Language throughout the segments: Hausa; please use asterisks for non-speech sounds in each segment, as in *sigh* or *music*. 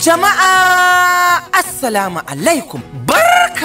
جماعة السلام عليكم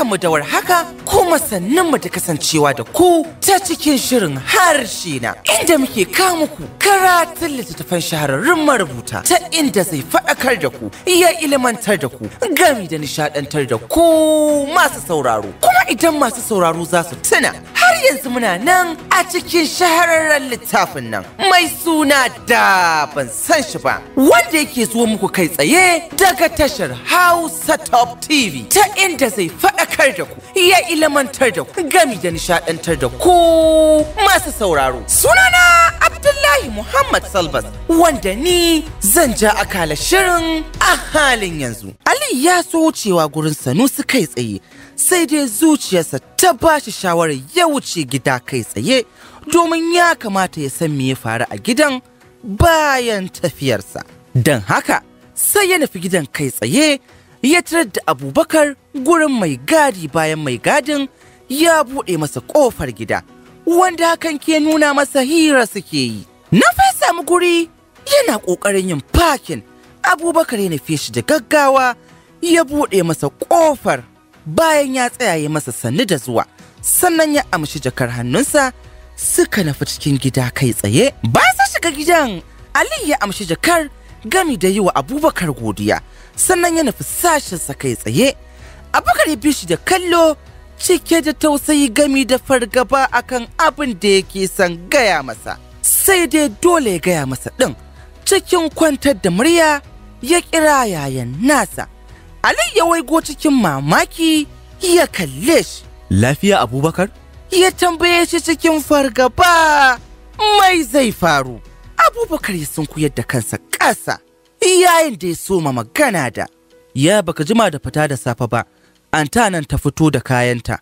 mu da warhaka kuma sannan mu da kasancewa da ku ta cikin shirin harshe na inda muke ka muku karatun littattafan shahararrun marubuta ta inda zai faɗakar da ku ya ilimantar da ku gami da nishaɗantar da ku masu sauraro kuma idan masu sauraro za su tuna har yanzu muna nan a cikin shahararren littafin nan mai suna da ban san shi ba wanda yake zuwa muku kai tsaye daga tashar Hausa Top TV ta inda zai faɗakar kar da ku ya ilmantar da ku gami da nishaɗantar da ku masu sauraro sunana abdullahi muhammad salbas wanda ni zan ja akala shirin a halin yanzu ali ya so wucewa gurin sanusi kai tsaye sai dai zuciyarsa ta ba shi shawarar ya wuce gida kai tsaye domin ya kamata ya san me ya faru a gidan bayan tafiyarsa don haka sai ya nufi gidan kai tsaye ya tarar da abubakar gurin mai gadi bayan mai gadin ya buɗe masa ƙofar gida wanda hakan ke nuna masa hira suke yi na fai samu guri yana ƙoƙarin yin fakin abubakar ya nufe shi da gaggawa ya buɗe masa ƙofar bayan ya tsaya ya masa sannu da zuwa sannan ya amshi jakar hannunsa suka nafi cikin gida kai tsaye ba su shiga gidan ali ya amshi jakar gami da yi wa abubakar godiya sannan ya nufi sashensa kai tsaye abubakar ya bi shi da kallo cike da tausayi gami da fargaba akan abin da yake son gaya masa sai dai dole ya gaya masa ɗin cikin kwantar da murya ya kira yayan nasa ali ya waigo cikin mamaki ya kalle shi lafiya abubakar ya tambaye shi cikin fargaba mai zai faru abubakar ya sunkuyar da kansa iya yayin da ya so ma magana da ya baka jima da fita da safe ba anta nan ta fito da kayanta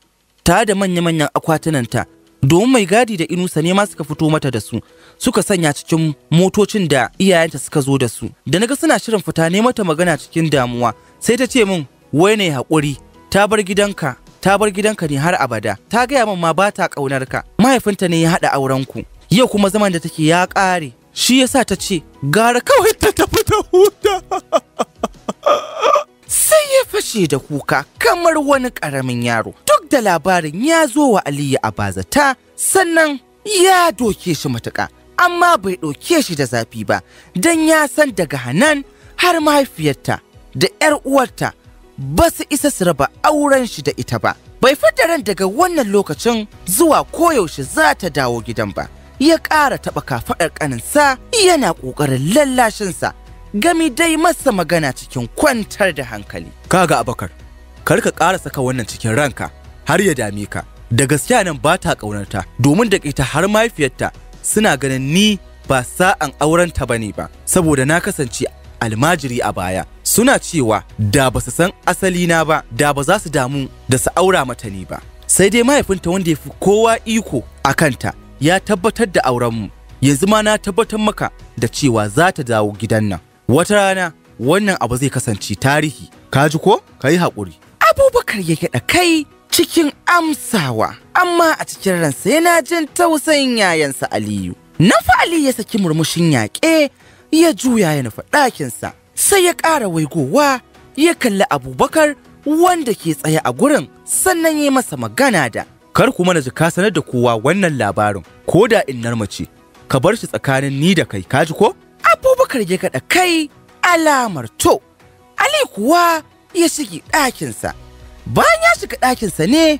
ta da manya-manyan akwatunanta domin mai gadi da inusa ne ma suka fito mata da su suka sanya cikin motocin da iyayenta suka zo da su da naga suna shirin fita ne mata magana cikin damuwa sai ta ce min wai ne haƙuri ta bar gidanka ta bar gidanka ne har abada ta gaya min ma ba ta ƙaunar ka mahaifinta ne ya haɗa aurenku yau kuma zaman da take ya ƙare shi yasa ta ce gara kawai ta tafi ta huta *laughs* sai ya fashe da kuka kamar wani ƙaramin yaro duk da labarin ya zo wa aliyu a bazata sannan ya doke shi matuka, amma bai ɗauke shi da zafi ba don ya san daga hanan har mahaifiyarta da 'yar uwarta ba su isa su raba auren shi da ita ba bai fi ran daga wannan lokacin zuwa koyaushe za ta dawo gidan ba ya ƙara taɓa kafaɗar ƙaninsa yana ƙoƙarin lallashinsa gami dai masa magana cikin kwantar da hankali. Kaga abakar, kar ka ƙara saka wannan cikin ranka har ya dame ka. Da gaskiya nan ba ta ƙaunarta domin da ita har mahaifiyarta suna ganin ni ba sa'an aurenta ba ne ba saboda na kasance almajiri a baya. Suna cewa da ba su san asalina ba da ba za su damu da su aura mata ni ba. Sai dai mahaifinta wanda ya fi kowa iko a kanta ya tabbatar da auren mu yanzu ma na tabbatar maka da cewa za ta dawo gidan nan wata rana wannan abu zai kasance tarihi ka ji ko ka yi haƙuri abubakar ya gyaɗa kai cikin amsawa amma a cikin ransa yana jin tausayin yayansa aliyu na fa aliyu ya saki murmushin yaƙe ya juya ya nufa ɗakinsa sai ya ƙara waigowa ya kalli abubakar wanda ke tsaye a gurin sannan ya masa magana da kar ku mana ka sanar da kowa wannan labarin ko da innar mace ka bar shi tsakanin ni da kai kaji ko abubakar ya kaɗa kai alamar to ali kuwa ya shige ɗakinsa bayan ya shiga ɗakinsa ne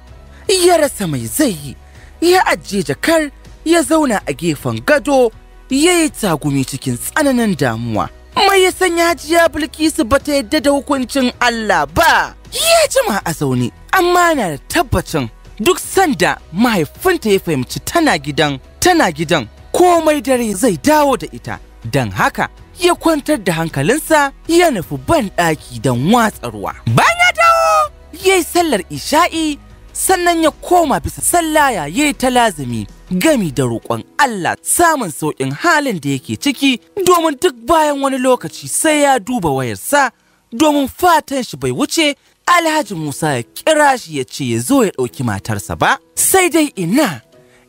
ya rasa mai zai yi ya ajiye jakar ya zauna a gefen gado ya yi tagumi cikin tsananin damuwa mai ya sanya hajiya bilkisu ba ta yadda da hukuncin allah ba ya jima a zaune amma na da tabbacin duk sanda mahaifinta ya fahimci tana gidan tana gidan komai dare zai dawo da ita don haka ya kwantar da hankalinsa ya nufi ban ɗaki don watsa ruwa bayan ya dawo ya yi sallar isha'i sannan ya koma bisa Sallaya ya yi ta lazumi gami da roƙon Allah samun sauƙin halin da yake ciki domin duk bayan wani lokaci sai ya duba wayarsa domin fatan shi bai wuce Alhaji Musa ya kira shi ya ce ya zo ya ɗauki matarsa ba, sai dai ina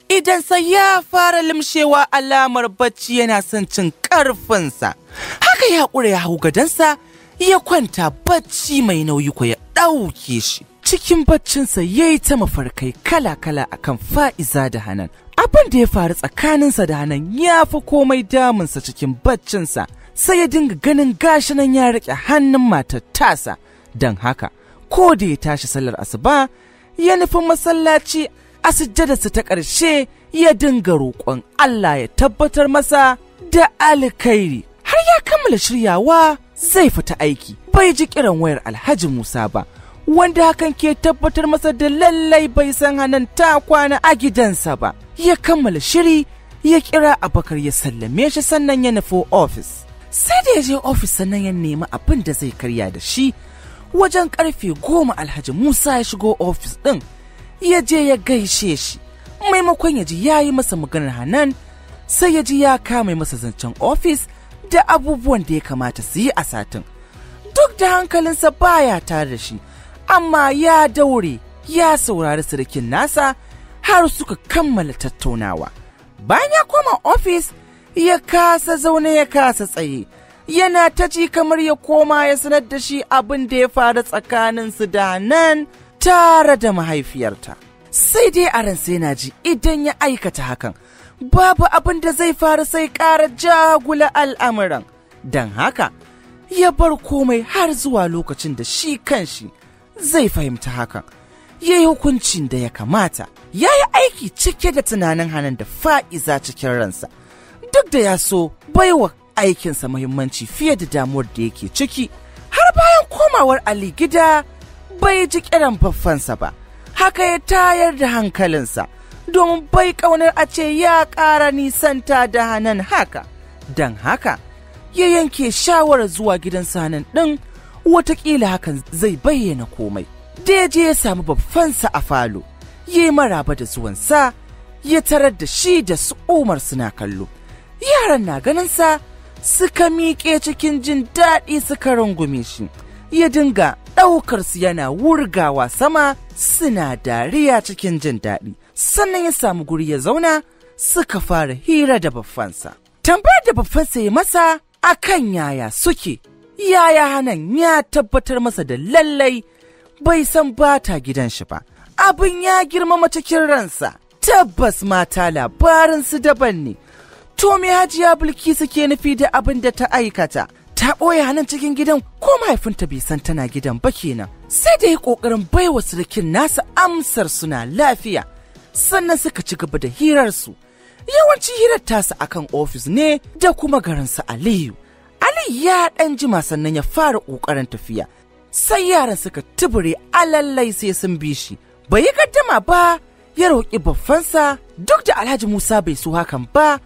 idan sai ya fara limshewa alamar bacci yana son cin ƙarfinsa. Haka ya ƙure ya hau gadonsa ya kwanta bacci mai nauyi ko ya ɗauke shi. Cikin baccinsa ya yi ta mafarkai kala-kala akan fa'iza da hanan. Abin da ya faru tsakaninsa da hanan ya fi komai damunsa cikin baccinsa sai ya dinga ganin gashinan ya riƙe hannun matar tasa don haka. ko da ya tashi sallar asuba ya nufi masallaci a sujjadarsa ta ƙarshe ya dinga roƙon Allah ya tabbatar masa da alkhairi har ya kammala shiryawa zai fita aiki bai ji kiran wayar alhaji Musa ba wanda hakan ke tabbatar masa da lallai bai san hannun ta kwana a gidansa ba ya kammala shiri ya kira abakar ya sallame shi sannan ya nufi ofis sai da ya je ofis sannan ya nemi abin da zai karya da shi wajen karfe goma alhaji musa ya shigo ofis ɗin ya je ya gaishe shi maimakon ya ji ya yi masa maganar hannun sai ya ji ya kama masa zancen ofis da abubuwan da ya kamata su yi a satin duk da hankalinsa baya tare da shi amma ya daure ya saurari sarkin nasa har suka kammala tattaunawa bayan ya koma ofis ya kasa zaune ya kasa tsaye yana ta ji kamar ya koma ya sanar da shi abin da ya faru tsakaninsu da nan tare da mahaifiyarta. Sai dai a ransa yana ji idan ya aikata hakan, babu abin da zai faru sai ƙara jagula al'amuran. Don haka, ya bar komai har zuwa lokacin da shi kanshi zai fahimta hakan. Ya yi hukuncin da ya kamata, ya yi aiki cike da tunanin hannun da fa'iza cikin ransa, duk da ya so baiwa aikinsa muhimmanci fiye da damuwar da yake ciki har bayan komawar ali gida bai ji kiran baffansa ba haka ya tayar da hankalinsa domin bai ƙaunar a ce ya ƙara nisanta da hanan haka don haka ya yanke shawarar zuwa gidan sanan ɗin watakila hakan zai bayyana komai da ya je ya samu baffansa a falo ya yi maraba da zuwansa ya tarar da shi da su umar suna kallo yaran na ganin sa. suka miƙe cikin jin daɗi suka rungume shi ya dinga ɗaukarsu yana wurgawa sama suna dariya cikin jin daɗi sannan ya samu guri ya zauna suka fara hira da baffansa tambayar da baffansa ya masa akan yaya suke yaya hanan ya tabbatar masa da lallai bai san bata gidan shi ba abin ya girmama cikin ransa tabbas mata su daban ne To me hajiya Bilkisu ke nufi da abin da ta aikata? Ta ɓoye hannun cikin gidan ko mahaifinta bai san tana gidan ba kenan. Sai da ya ƙoƙarin baiwa surukin nasa amsar suna lafiya. Sannan suka ci gaba da hirarsu. Yawanci hirar tasa akan ofis ne da kuma garinsa Aliyu. Ali ya ɗan jima sannan ya fara ƙoƙarin tafiya. Sai yaran suka tubure alallai sai sun bi shi. Bai yi gaddama ba ya roƙi babbansa duk da Alhaji Musa bai so hakan ba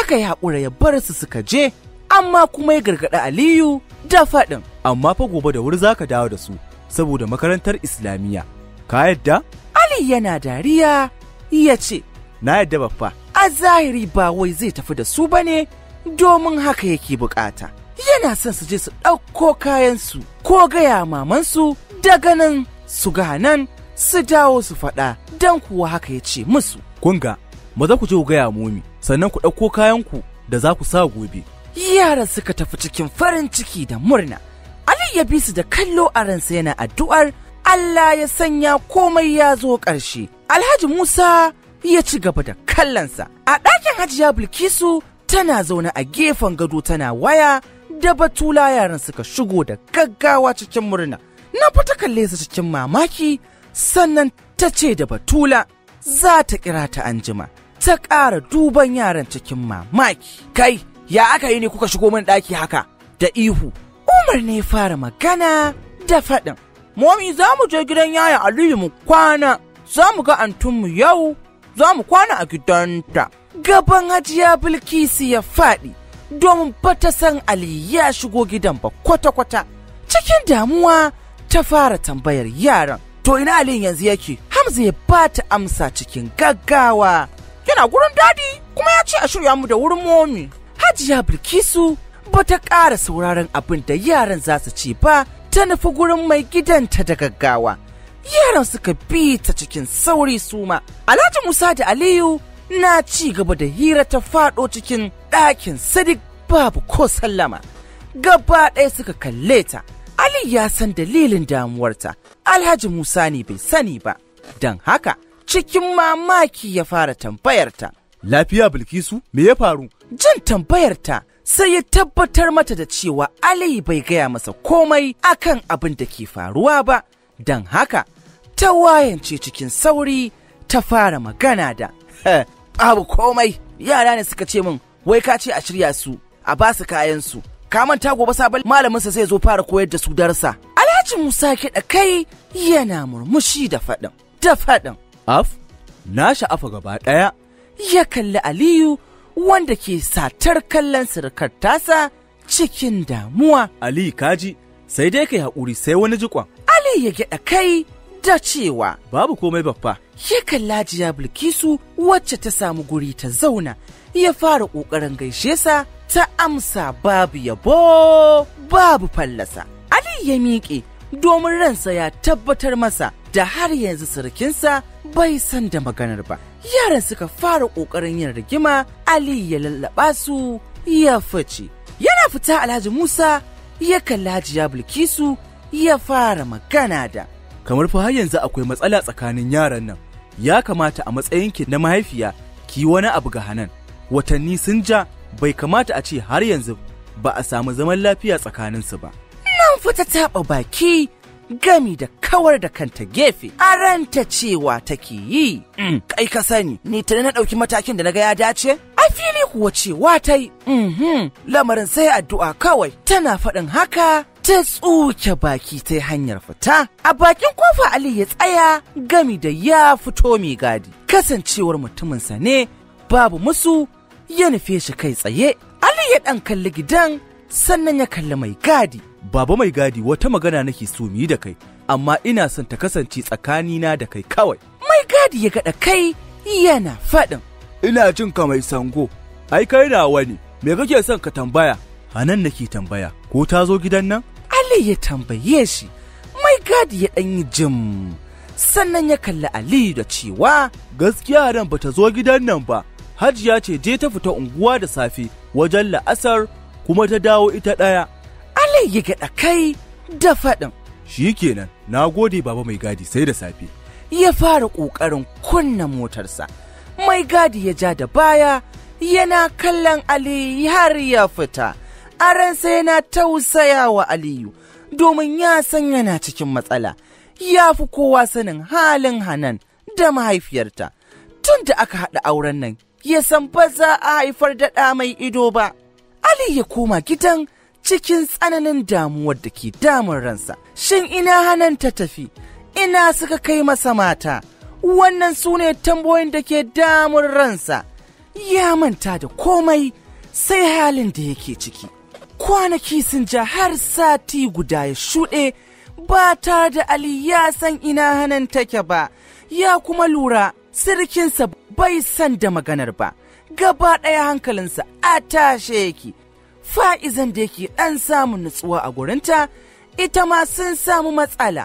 haka ya haƙura ya bar su suka je amma kuma ya gargaɗi aliyu da faɗin amma fa gobe da wuri za ka dawo da su saboda makarantar islamiyya ka yadda ali yana dariya ya ce na yadda baffa a zahiri ba wai zai tafi da su bane domin haka yake bukata yana son su je su ɗauko kayansu ko gaya mamansu daga nan su ga nan su dawo su faɗa don kuwa haka ya ce musu Kunga, maza ku je ku gaya momi sannan ku ɗauko kayanku da za ku sa gobe. Yaran suka tafi cikin farin ciki da murna. Ali ya bi su da kallo a ransa yana addu'ar Allah ya sanya komai ya zo ƙarshe. Alhaji Musa ya ci gaba da kallonsa. A ɗakin Hajiya Bilkisu tana zaune a gefen gado tana waya da batula yaran suka shigo da gaggawa cikin murna. Na fita kalle su cikin mamaki sannan ta ce da batula za ta kira ta anjima. ta ƙara duban yaran cikin mamaki. Kai, ya aka yi ne kuka shigo min ɗaki haka da ihu. Umar ne fara magana da faɗin. Momi za mu je gidan yaya Aliyu mu kwana, za mu ga antunmu yau, za mu kwana a gidanta. Gaban hajiya Bilkisu ya faɗi, domin ba ta san Ali ya shigo gidan ba kwata-kwata. Cikin damuwa ta fara tambayar yaran, to ina Aliyu yanzu yake, Hamza ya ba ta amsa cikin gaggawa. yana gurin dadi kuma ya ce a shirya mu da wurin momi. Hajiya Bilkisu ba ta ƙara sauraron abin da yaran za su ce ba ta nufi gurin mai gidanta da gaggawa. Yaran suka bi ta cikin sauri suma. Alhaji Musa da Aliyu na ci gaba da hira ta faɗo cikin ɗakin Sadiq babu ko sallama. Gaba ɗaya suka kalle ta. Ali ya san dalilin damuwarta. Alhaji Musa ne bai sani ba. Don haka, cikin mamaki ya fara tambayarta. Lafiya Bilkisu, me ya faru? Jin tambayarta sai ya tabbatar mata da cewa ali bai gaya masa komai akan abin da ke faruwa ba, don haka ta wayance cikin sauri ta fara magana da. Babu komai, yara ne suka ce min, wai ka ce a shirya su, a ba su kayansu. Ka manta gobe sabon malaminsa zai zo fara koyar da su darsa. Alhaji Musa kiɗa kai yana murmushi da faɗin, da faɗin. af na sha'afa gaba ɗaya ya kalli aliyu wanda ke satar kallon sirkar tasa cikin damuwa aliyu kaji sai dai kai haƙuri sai wani jikon ali ya gyaɗa kai da cewa babu komai babba ya kalla jiya bilkisu wacce ta samu guri ta zauna ya fara ƙoƙarin gaishe sa ta amsa babu yabo babu fallasa ali ya miƙe domin ransa ya tabbatar masa da har yanzu sarkinsa bai san da maganar ba. Yaran suka fara ƙoƙarin yin rigima, Ali ya lallaɓa su ya fice. Yana fita Alhaji Musa ya kalli Hajiya Bilkisu ya fara magana da. Kamar fa har yanzu akwai matsala tsakanin yaran nan. Ya kamata a matsayin matsayinki na mahaifiya ki wani abu ga Hanan. Watanni sun ja bai kamata a ce har yanzu ba a samu zaman lafiya tsakaninsu ba. Nan fita taɓa baki gami da kawar da kanta gefe aranta cewa take yi mm. kai ka sani ni tare na ɗauki matakin da naga ya dace a fili kuwa cewa ta yi mhm. lamarin sai addu'a kawai tana faɗin haka ta tsuke baki ta hanyar fita a bakin kofa ali ya tsaya gami da ya fito mai gadi kasancewar mutuminsa ne babu musu ya nufe shi kai tsaye ali ya ɗan kalli gidan sannan ya kalli mai gadi Baba mai gadi wata magana nake so mu yi da kai, amma ina son ta kasance tsakanina da kai kawai. Mai gadi ya gaɗa kai yana faɗin. Ina jin ka mai sango, ai kai nawa ne, me kake son ka tambaya? A nan nake tambaya, ko ta zo gidan nan? Ali ya tambaye shi, mai gadi ya ɗan yi jim. Sannan ya kalli Ali da cewa, gaskiya nan bata zo gidan nan ba, Hajiya ce je ta fita unguwa da safe wajen la'asar kuma ta dawo ita ɗaya. Malam ya gaɗa kai da faɗin. Shi kenan, na gode baba mai gadi sai da safe. Ya fara ƙoƙarin kunna motarsa. Mai gadi ya ja da baya, yana kallon Ali har ya fita. A ransa yana tausaya wa Aliyu, domin ya san yana cikin matsala. Ya fi kowa sanin halin Hanan da mahaifiyarta. Tun da aka haɗa auren nan, ya san ba za a haifar da ɗa mai ido ba. Ali ya koma gidan cikin tsananin damuwar da ke damun ransa. Shin ina hanan ta tafi, ina suka kai masa mata, wannan su ne tambayoyin da ke damun ransa. Ya manta da komai sai halin da yake ciki. Kwanaki sun ja har sati guda ya shuɗe ba tare da Ali ya san ina hanan take ba, ya kuma lura sirkinsa bai san da maganar ba. Gaba ɗaya hankalinsa a tashe yake. fa'izan da yake ɗan samun nutsuwa a gurinta ita ma sun samu matsala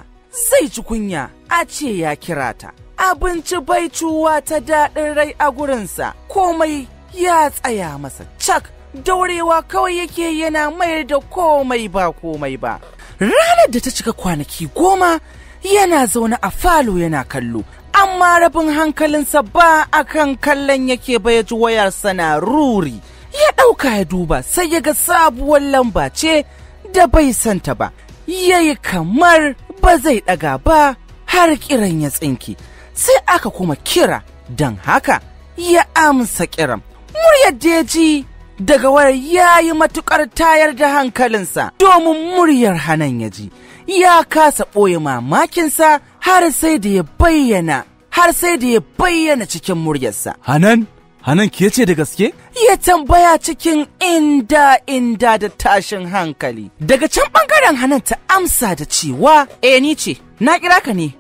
zai ci kunya a ce ya kira ta abinci bai cuwa ta daɗin rai a gurinsa komai ya tsaya masa cak daurewa kawai yake yana mayar da komai ba komai ba ranar da ta cika kwanaki goma yana zaune a falo yana kallo amma rabin hankalinsa ba a kan kallon yake bai ji wayarsa na ruri ya ɗauka ya duba sai ya ga sabuwar lamba ce da bai santa ba ya yi kamar ba zai ɗaga ba har kiran ya tsinki sai aka kuma kira don haka ya amsa kiran muryar da ya ji daga wayar ya yi matukar tayar da hankalinsa domin muryar hanan ya ji ya kasa ɓoye mamakinsa har sai da ya bayyana har sai da ya bayyana cikin muryarsa hanan Hanan ke ce da gaske? Ya tambaya cikin inda inda da tashin hankali. Daga can ɓangaren Hanan ta amsa da cewa, "E ni ce, na kira ka ne,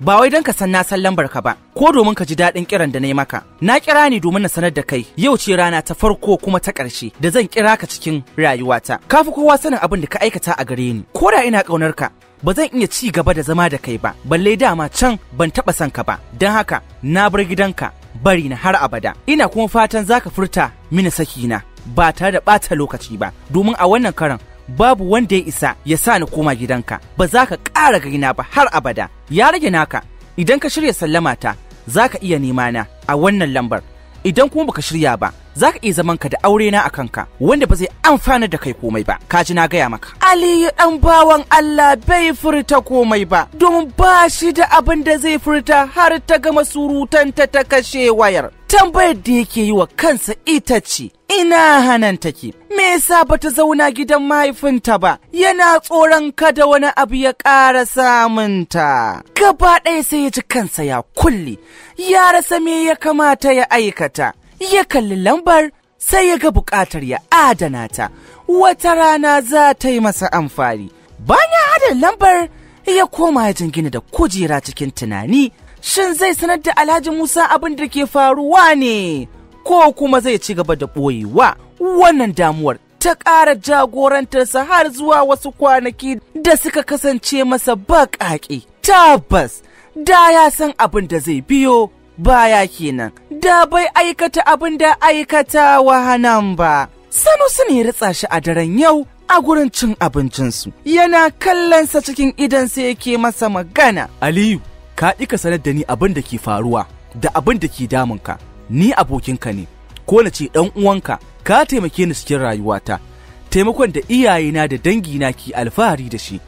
ba wai don ka san na san lambar ka ba, ko domin ka ji daɗin kiran da na yi maka. Na kira ne domin na sanar da kai, yau ce rana ta farko kuma ta ƙarshe da zan kira ka cikin rayuwata. Ka fi kowa sanin abin da ka aikata a gare ni, ko da ina ƙaunar ka, ba zan iya ci gaba da zama da kai ba balle dama can ban taɓa son ka ba don haka na bar gidanka bari na har abada ina kuma fatan zaka furta mini saki na ba tare da ɓata lokaci ba domin a wannan karan babu wanda ya isa ya sa ni koma gidanka ba za ka ƙara gaina ba har abada ya rage naka idan ka shirya sallama ta za iya nema na a wannan lambar idan kuma baka shirya ba za ka iya zaman ka da aure na a kanka wanda ba zai amfana da kai komai ba ka ji na gaya maka aliyu dan bawan allah bai furta komai ba domin ba shi da abin da zai furta har ta gama surutan ta kashe wayar tambayar da yake yi wa kansa ita ce ina hanan take me yasa bata zauna gidan mahaifinta ba yana tsoron kada wani abu ya ƙara samunta gaba ɗaya sai ya ji kansa ya kulle, ya rasa me ya kamata ya aikata ya kalli lambar sai ya ga buƙatar ya adana ta wata rana za ta yi masa amfani bayan adana lambar ya koma ya jingina da kujera cikin tunani shin zai sanar da alhaji musa abin da ke faruwa ne ko kuma zai ci gaba da ɓoyewa wannan damuwar ta ƙara jagorantarsa har zuwa wasu kwanaki da suka kasance masa baƙaƙe tabbas da ya san abin da zai biyo baya kenan da bai aikata abin da aikata wahanan ba sanusi ne ritsa shi a daren yau a gurin cin abincinsu yana kallonsa cikin idan sai yake masa magana aliyu ka ka sanar da ni abin da ke faruwa da abin da ke damunka ni abokinka ne ko na ce ɗan uwanka ka taimake ni cikin rayuwata taimakon da iyayena da dangina ke alfahari da shi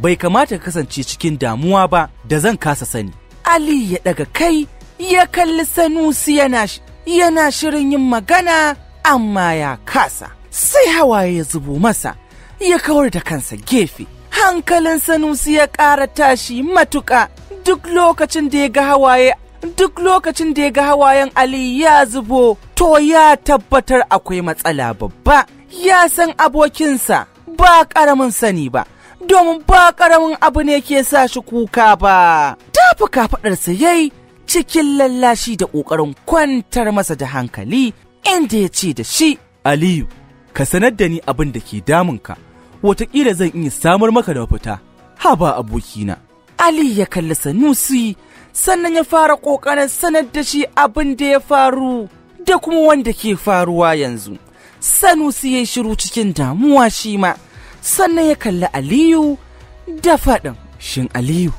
bai kamata ka kasance cikin damuwa ba da zan kasa sani ali ya daga kai ya kalli sanusi yana shirin yin magana amma ya kasa sai hawaye ya zubo masa ya kawar da kansa gefe hankalin sanusi ya ƙara tashi matuƙa duk lokacin da ya ga hawaye duk lokacin da ya ga hawayen ali ya zubo to ya tabbatar akwai matsala babba ya san abokinsa ba ƙaramin sani ba domin ba ƙaramin abu ne ke sa shi kuka ba Ta fi kafaɗarsa yayi cikin lallashi da ƙoƙarin kwantar masa da hankali inda ya ce da shi Aliyu, ka sanar da ni abin da ke damunka, watakila zan iya samar maka da mafita, ha abokina. Ali ya kalli Sanusi sannan ya fara ƙoƙarin sanar da shi abin da ya faru da kuma wanda ke faruwa yanzu. Sanusi ya shiru cikin damuwa shi ma, sannan ya kalli Aliyu da faɗin shin Aliyu.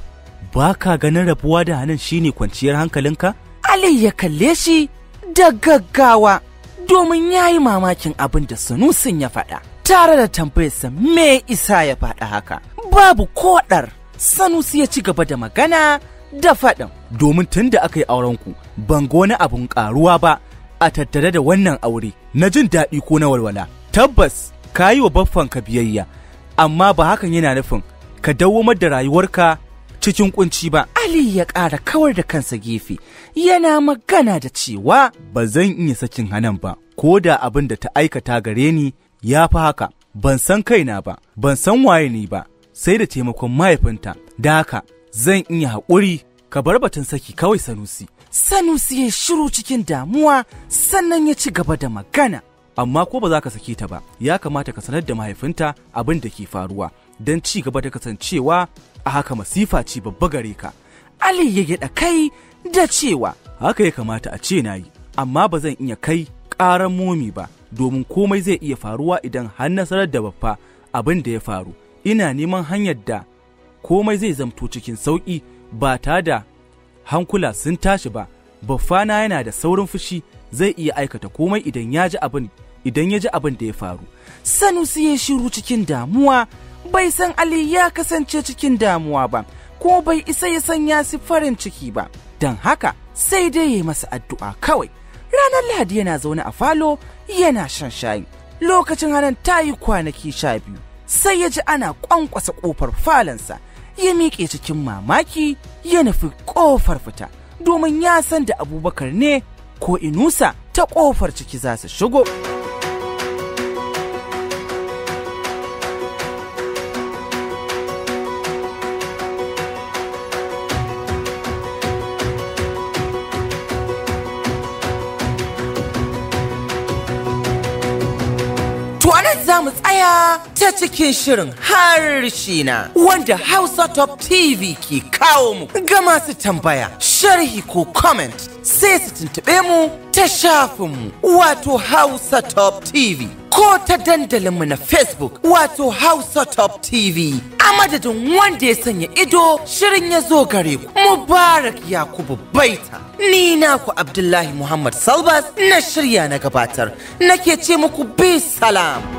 ba ka ganin rabuwa da hannun shine kwanciyar hankalinka? Ali ya kalle shi da gaggawa domin ya yi mamakin abin da Sanusin ya faɗa. Tare da tambayarsa me isa ya faɗa haka. Babu koɗar Sanusi ya ci gaba da magana da faɗin. Domin tun da aka yi aurenku ban ga wani abin ƙaruwa ba a tattare da wannan aure na jin daɗi ko na walwala. Tabbas ka yi wa baffanka biyayya amma ba hakan yana nufin ka dawwamar da rayuwarka cikin kunci ba. Ali ya ƙara kawar da kansa gefe, yana magana da cewa ba zan iya sakin hanan ba, ko da abin da ta aikata gare ni ya fi haka, ban san kaina ba, ban san waye ni ba, sai da taimakon mahaifinta, da haka zan iya haƙuri ka bar batun saki kawai Sanusi. Sanusi ya shiru cikin damuwa sannan ya ci gaba da magana. Amma ko ba za ka sake ta ba, ya kamata ka sanar da mahaifinta abin da ke faruwa. don ci gaba da kasancewa a haka masifa ce babba gare ka ali ya gyaɗa kai da cewa haka ya kamata a ce na yi amma ba zan iya kai ƙaran momi ba domin komai zai iya faruwa idan har nasarar da babba abin da ya faru ina neman hanyar da komai zai zamto cikin sauƙi ba ta da hankula sun tashi ba baffana yana da saurin fushi zai iya aikata komai idan ya ji abin da ya faru sanusi ya shiru cikin damuwa bai san Ali ya kasance cikin damuwa ba, ko bai isa ya sanya su farin ciki ba, don haka sai dai ya yi masa addu'a kawai. Ranar Lahadi yana zaune a falo yana shan shayi. Lokacin hannun ta yi kwanaki sha biyu, sai ya ji ana ƙwanƙwasa ƙofar falonsa, ya miƙe cikin mamaki ya nufi ƙofar fita, domin ya san da Abubakar ne ko Inusa ta ƙofar ciki za su shigo. ta cikin shirin harshe na wanda Hausa Top TV ke kawo mu ga masu tambaya, sharhi ko comment sai su tuntube mu ta shafin mu, wato Hausa Top TV ko ta dandalinmu na Facebook wato Hausa Top TV. A madadin wanda ya sanya ido shirin ya zo gare ku Mubarak Yakubu Baita. Ni ku Abdullahi Muhammad Salbas na shirya na gabatar nake ce muku bi salam.